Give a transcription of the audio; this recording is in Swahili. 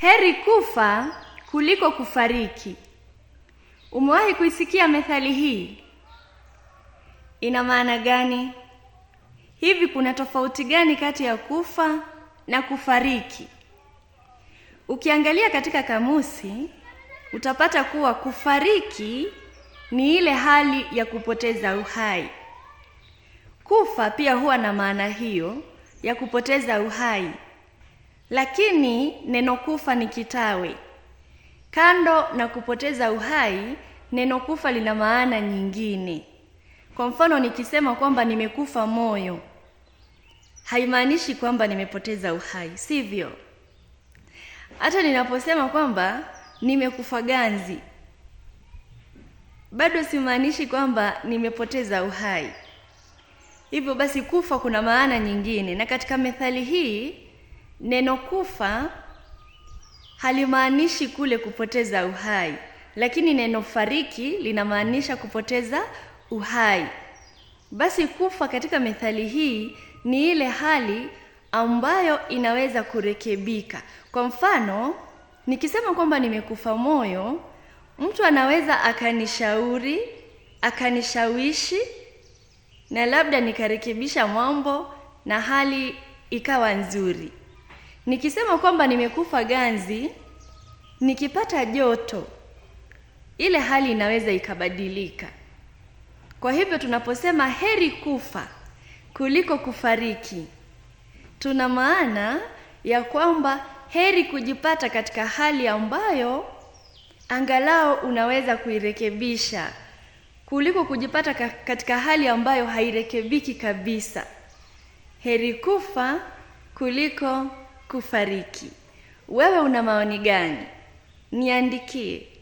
Heri kufa kuliko kufariki. Umewahi kuisikia methali hii? Ina maana gani? Hivi kuna tofauti gani kati ya kufa na kufariki? Ukiangalia katika kamusi utapata kuwa kufariki ni ile hali ya kupoteza uhai. Kufa pia huwa na maana hiyo ya kupoteza uhai. Lakini neno kufa ni kitawi. Kando na kupoteza uhai, neno kufa lina maana nyingine. Kwa mfano, nikisema kwamba nimekufa moyo, haimaanishi kwamba nimepoteza uhai, sivyo? Hata ninaposema kwamba nimekufa ganzi, bado simaanishi kwamba nimepoteza uhai. Hivyo basi, kufa kuna maana nyingine, na katika methali hii Neno kufa halimaanishi kule kupoteza uhai, lakini neno fariki linamaanisha kupoteza uhai. Basi kufa katika methali hii ni ile hali ambayo inaweza kurekebika. Kwa mfano, nikisema kwamba nimekufa moyo, mtu anaweza akanishauri, akanishawishi na labda nikarekebisha mambo na hali ikawa nzuri. Nikisema kwamba nimekufa ganzi, nikipata joto, ile hali inaweza ikabadilika. Kwa hivyo tunaposema heri kufa kuliko kufariki, tuna maana ya kwamba heri kujipata katika hali ambayo angalau unaweza kuirekebisha kuliko kujipata katika hali ambayo hairekebiki kabisa. Heri kufa kuliko kufariki. Wewe una maoni gani? Niandikie.